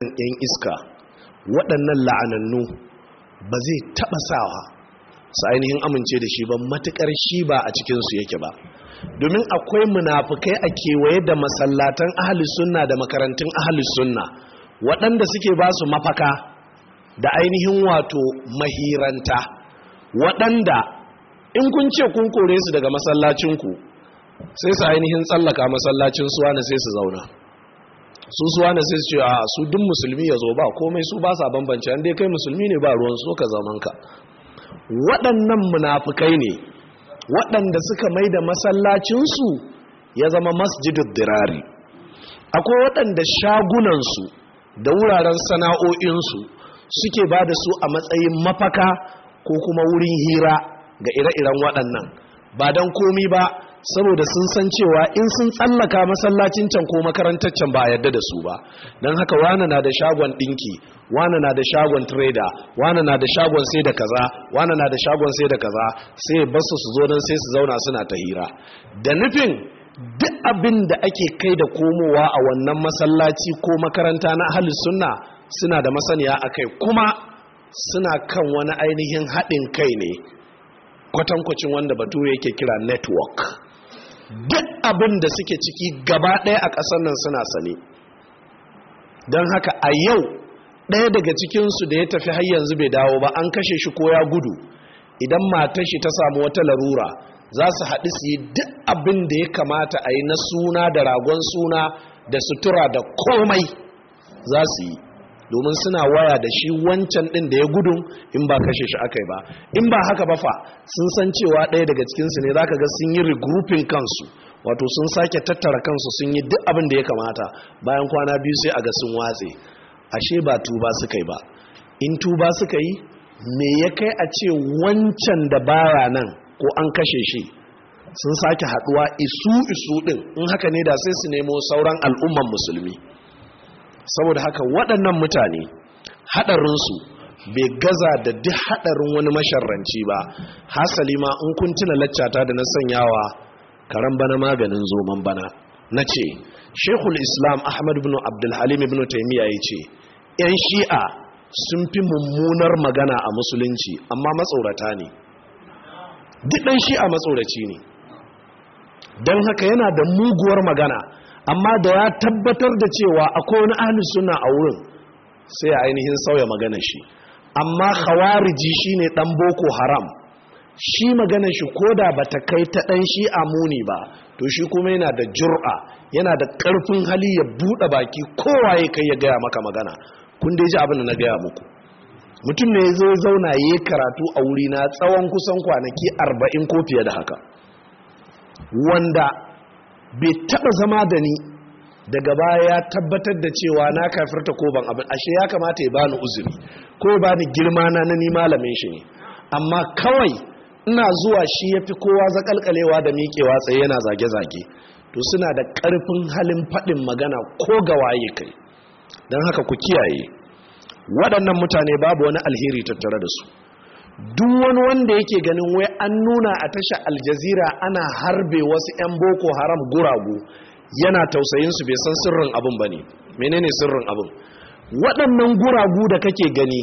yan iska waɗannan la'anannu ba zai taɓa sawa su ainihin amince da shi ba matuƙar shi ba a cikinsu yake ba domin akwai munafukai a kewaye da masallatan ahli sunna da makarantun ahli sunna waɗanda suke ba su mafaka da ainihin wato mahiranta waɗanda in kun ce kun kore su daga masallacinku sai su ainihin tsallaka masallacin suwa na sai su zauna su su sai su ce a su duk musulmi ya zo ba komai su ba sa bambance an dai kai musulmi ne ba ruwan so ka zaman ka waɗannan munafukai ne waɗanda suka mai da masallacinsu ya zama masjidin dirari akwai waɗanda shagunansu da wuraren sana'o'insu suke ba da su a matsayin mafaka ko kuma wurin hira ga ire-iren waɗannan ba don komi ba saboda sun san cewa in sun tsallaka masallacin can ko makarantar can ba a yarda da su ba don haka wane na da shagon ɗinki wane na da shagon trader wane na da shagon sai da kaza wane na da shagon sai da kaza sai ba su zo don sai su zauna suna ta hira da nufin duk abin da ake kai da komowa a wannan masallaci ko makaranta na hali sunna suna da masaniya kai kuma suna kan wani ainihin haɗin kai ne kwatankwacin wanda bature yake kira network duk abin da suke ciki gaba ɗaya a ƙasar nan suna sane don haka a yau ɗaya daga cikinsu da ya tafi har yanzu bai dawo ba an kashe shi ko ya gudu idan matar shi ta samu wata larura za su haɗu su yi duk abin da ya kamata a yi na suna da ragon suna da sutura da komai za su yi domin suna waya da shi wancan din da ya gudun in ba kashe shi akai ba in ba haka ba fa sun san cewa ɗaya daga cikinsu ne za ka ga sun yi regrouping kansu wato sun sake tattara kansu sun yi duk abin da ya kamata bayan kwana biyu sai a ga sun watse ashe ba tuba suka yi ba in tuba suka yi me ya kai a ce wancan da bara nan ko an kashe shi sun sake haduwa isu isu din in haka ne da sai su nemo sauran al'umman musulmi saboda haka waɗannan mutane haɗarinsu bai gaza da duk haɗarin wani masharranci ba hasali ma in kun tuna laccata da na sanyawa karan bana maganin zoman bana na ce shekul islam ahmad bin abdulhalim bin taimiyya ya ce 'yan shi'a sun fi mummunar magana a musulunci amma matsorata ne duk ɗan shi'a matsoraci ne don haka yana da muguwar magana amma da ya tabbatar da cewa akwai wani ahli suna a wurin sai ainihin sauya magana shi amma khawariji shine ɗan boko haram shi magana shi ko koda bata kai ta dan shi muni ba to shi kuma yana da jur'a yana da karfin hali ya bude baki kowa ya kai ya gaya maka magana kun dai ji abin da na gaya muku mutum ne zai zauna ya karatu a wuri na tsawon kusan kwanaki arba'in ko fiye da haka wanda bai taba zama da ni daga baya ya tabbatar da cewa na kafirta ko ban abin ashe ya kamata ya bani uzuri ko ya bani girma na nani ni malamin shi ne amma kawai ina zuwa shi ya fi kowa zakalkalewa da miƙewa tsaye yana zage-zage to suna da ƙarfin halin faɗin magana ko ga waye kai don haka ku kiyaye waɗannan mutane babu wani alheri tattare da su duk wani wanda yake ganin wai an nuna a tasha aljazira ana harbe wasu 'yan boko haram guragu yana tausayinsu bai san sirrin abin ba ne menene sirrin abin waɗannan guragu da kake gani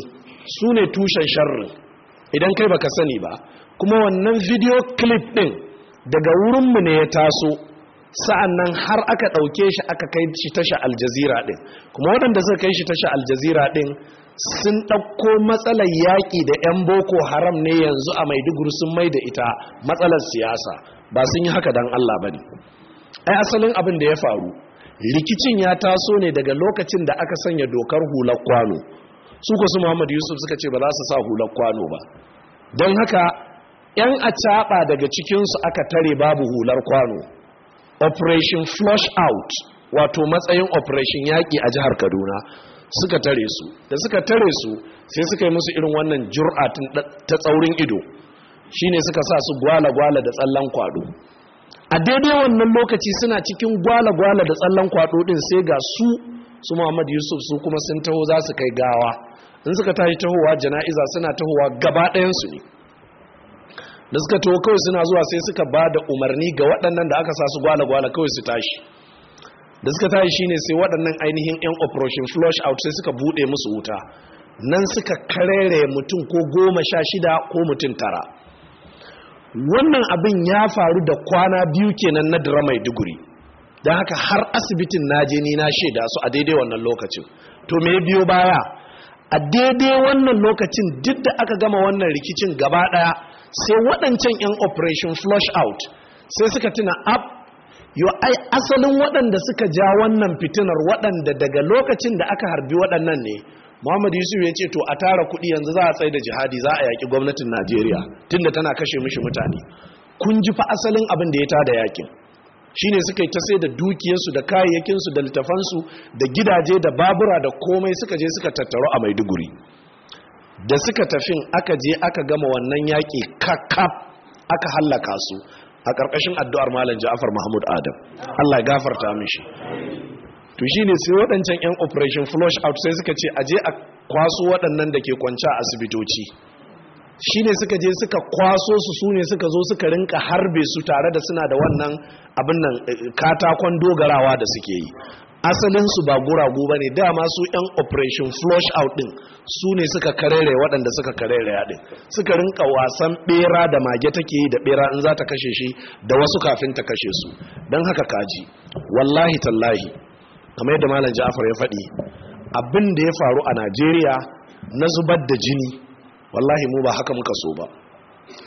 su ne tushen sharrin idan kai baka sani ba kuma wannan video clip ɗin daga wurinmu ne ya taso sa'an nan har aka ɗauke shi aka kai shi tasha aljazira ɗin kuma waɗanda suka kai shi tasha aljazira ɗin sun ɗauko matsalar yaƙi da 'yan boko haram ne yanzu a maiduguri sun mai da ita matsalar siyasa ba sun yi haka don allah ba ne ai asalin abin da ya faru rikicin ya taso ne daga lokacin da aka sanya dokar hular kwano su ko su muhammadu yusuf suka ce ba za su sa hular kwano ba don haka 'yan acaɓa daga cikinsu aka tare babu hular kwano operation flush out wato matsayin operation yaƙi a jihar kaduna suka tare su da suka tare su sai suka yi musu irin wannan jur'a ta tsaurin ido shine suka sa su gwala-gwala da tsallan kwado a daidai wannan lokaci suna cikin gwala-gwala da tsallan kwado din sai ga su su Muhammad Yusuf su kuma sun taho za su kai gawa in suka tashi tahowa jana'iza suna tahowa gaba ɗayan su ne da suka taho kawai suna zuwa sai suka ba da umarni ga waɗannan da aka sa su gwala-gwala kawai su tashi da suka tashi shine sai waɗannan ainihin 'yan operation flush out sai suka buɗe musu wuta nan suka karere mutum ko goma sha shida ko mutum tara wannan abin ya faru da kwana biyu kenan na dira mai duguri don haka har asibitin je ni na shaida su a daidai wannan lokacin to me biyo baya a daidai wannan lokacin duk da aka gama wannan rikicin gaba ɗaya sai waɗancan 'yan operation flush out sai suka tuna up yo ai asalin waɗanda suka ja wannan fitinar waɗanda daga lokacin da aka harbi waɗannan ne muhammad yusuf ya ce to a tara kuɗi yanzu za a tsaye da jihadi za a yaƙi gwamnatin najeriya tunda tana kashe mishi mutane kun ji fa asalin abin da ya tada yakin ne suka yi ta sai da dukiyarsu da kayayyakinsu da littafansu da gidaje da babura da komai suka je suka tattaro a maiduguri da suka tafin aka je aka gama wannan yaƙi kakkaf aka hallaka su a ƙarƙashin addu'ar malam ja'afar mahmud adam allah gafarta mishi to ne sai waɗancan 'yan operation flush out sai suka ce aje a kwaso waɗannan da ke kwanci a asibitoci ne suka je suka kwaso su su ne suka zo suka rinka harbe su tare da suna da wannan abin nan eh, katakon dogarawa da suke yi asalinsu ba guragu ba ne dama su 'yan operation flush out din su ne suka karere waɗanda suka karere ɗin suka rinka wasan bera da mage take yi da bera in za ta kashe shi da wasu kafin ta kashe su don haka kaji wallahi tallahi kamar yadda malam ja'afar ya faɗi abin da ya faru a najeriya na zubar da jini wallahi mu ba haka muka so ba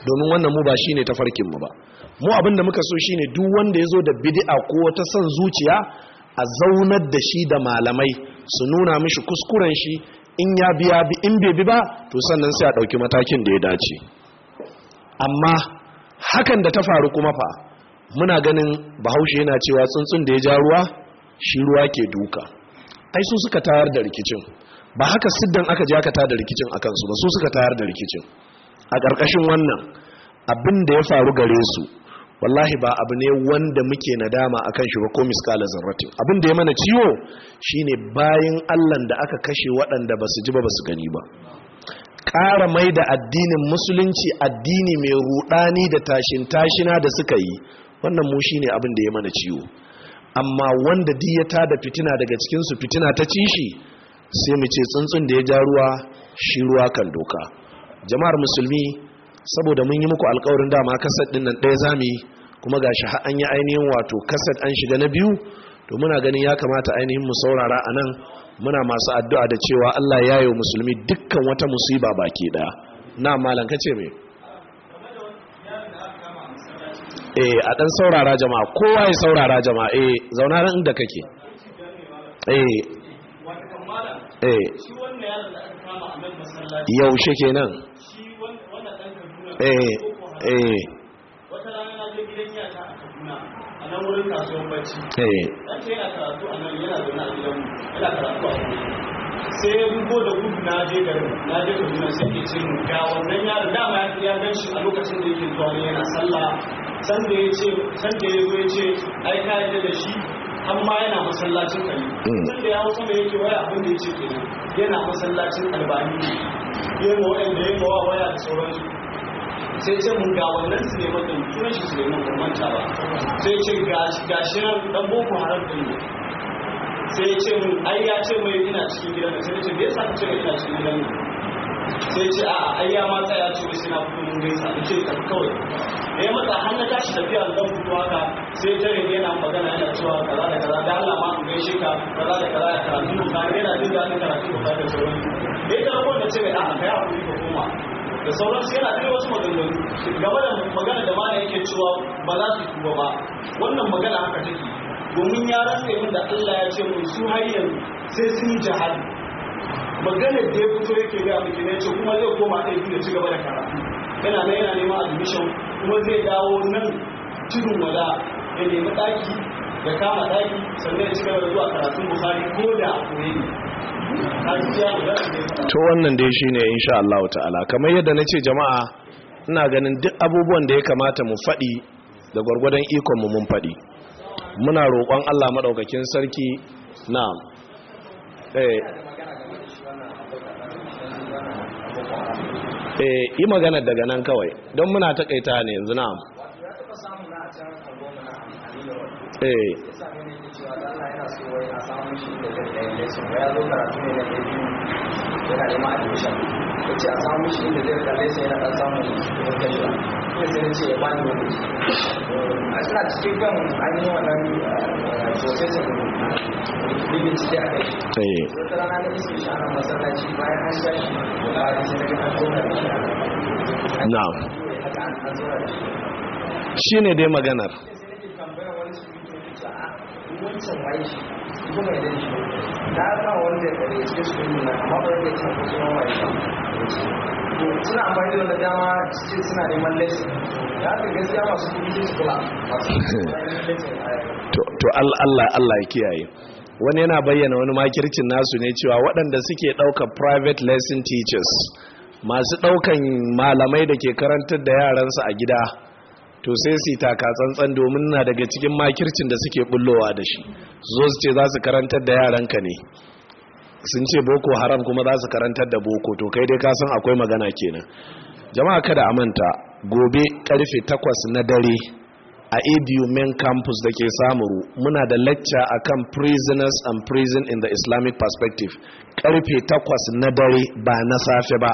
domin wannan mu ba shine tafarkin mu ba mu abin da muka so shine duk wanda ya zo da bidi'a ko ta son zuciya a zaunar da shi da malamai su nuna mishi kuskuren shi in ya biya bi in bai bi ba to sannan sai a ɗauki matakin da ya dace amma hakan da ta faru kuma fa muna ganin bahaushe yana cewa tsuntsun da ya ja ruwa shi ruwa ke duka ai su suka tayar da rikicin ba haka siddan aka je aka tayar da rikicin a kansu ba su suka tayar da rikicin a ƙarƙashin wannan abin da ya faru gare su wallahi ba abu ne wanda muke nadama akan shi ba ko miskala zarrati abin da ya mana ciwo shine bayan allan da aka kashe waɗanda ba su ji ba ba su gani ba ƙara mai da addinin musulunci addini mai ruɗani da tashin tashina da suka yi wannan mu shine abin da ya mana ciwo amma wanda diyata ya tada fitina daga cikinsu fitina ta ci shi sai mu ce tsuntsun da ya ja ruwa shi ruwa kan doka jama'ar musulmi saboda mun yi muku alkawarin dama kasar din nan ɗaya za mu yi kuma ga shi an yi ainihin wato kasar an shiga na biyu to muna ganin ya kamata ainihin mu saurara a nan muna masu addu'a da cewa Allah ya yi musulmi dukkan wata musiba baki ɗaya na malam ka ce mai eh a dan saurara jama'a kowa ya saurara jama'a eh zauna nan inda kake eh eh yaushe kenan shi eh eh wata rana je gidan yata a Kaduna a nan wurin kasuwan bacci eh dan ce yana karatu a nan yana zaune a gidan mu yana karatu a nan sai ya da gudu na je garin na je Kaduna sai ke ce mu ga wannan yaro dama ya gan shi a lokacin da yake zuwa yana sallah san da ya ce san da ya zo ya ce ai ka yi da shi amma yana masallacin kali tun hmm. da ya yake waya abin da ya ce kenan yana masallacin albani yana wa'anda ya mawa waya da sauransu sai ce mun ga wannan ne mutum sunan shi ne mun manta ba sai ce ga shi nan dan boko haram din ne sai ce mun ai ya ce mai ina cikin gidan sai ce me yasa kace ina cikin gidan ne sai ce a ai ya ma tsaya ce wai suna na fito mun gaisa ce ta kawai me ya mata har ta tashi tafiya zan fito haka sai tare ne yana magana yana cewa kaza da kaza da Allah ma in gaishe ka kaza da kaza ya karatu ka yana jin daɗin karatu ka da sauran da ya tarbo da ce a'a kai hakuri ka koma da sauransu yana da wasu maganganu game da magana da mana yake cewa ba za su kuwa ba wannan magana haka take domin ya rasa yin da Allah ya ce mun su har yanzu sai sun yi jihadi maganar da ya fito yake ga miki ne ce kuma zai koma aiki da ci gaba da karatu yana nan yana neman admission kuma zai dawo nan tudun wada ya nemi ɗaki ya kama ɗaki sannan ya ci gaba da zuwa karatun bukari ko da koyi to wannan dai shine insha Allah ta'ala kamar yadda nace jama'a ina ganin duk abubuwan da ya kamata mu faɗi da gwargwadon ikon mu mun faɗi muna roƙon Allah madaukakin sarki na eh, eh yi magana daga nan kawai don muna takaita ne yanzu na eh lokacin ya zo karatu ne na yana ya ce a samu shi zai yana ɗan samun kuɗin kashewa ina sai ce ya bani a suna cikin kan wannan eh, eh, ciki a kai sai eh. rana na shi ana masallaci bayan an shi sai da shi dai maganar wancan waye shi kuma mai dan shi na ba wanda ya kare cikin su ne na amma ba yake cewa su ma waye shi to suna amfani da dama ce suna neman lesson da ga gaskiya masu kuɗi su kula to to Allah Allah ya kiyaye wani yana bayyana wani makircin nasu ne cewa waɗanda suke ɗaukar private lesson teachers masu ɗaukan malamai da ke karantar da yaransu a gida to sai su taka tsantsan domin na daga cikin makircin da suke bullowa da shi zo su ce za su karantar da yaranka ne sun ce boko haram kuma za su karantar da boko to kai dai ka san akwai magana kenan jama'a kada a manta gobe karfe 8 na dare a abu main campus da ke samuru muna da lecture akan prisoners and prison in the islamic perspective karfe 8 na dare ba na safe ba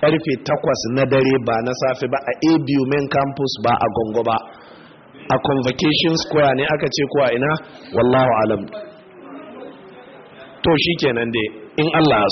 karfe takwas na dare ba na safe ba a abu main campus ba a gongo ba a convocation square ne aka ce kuwa ina wallahu alam to shi kenan dai in allah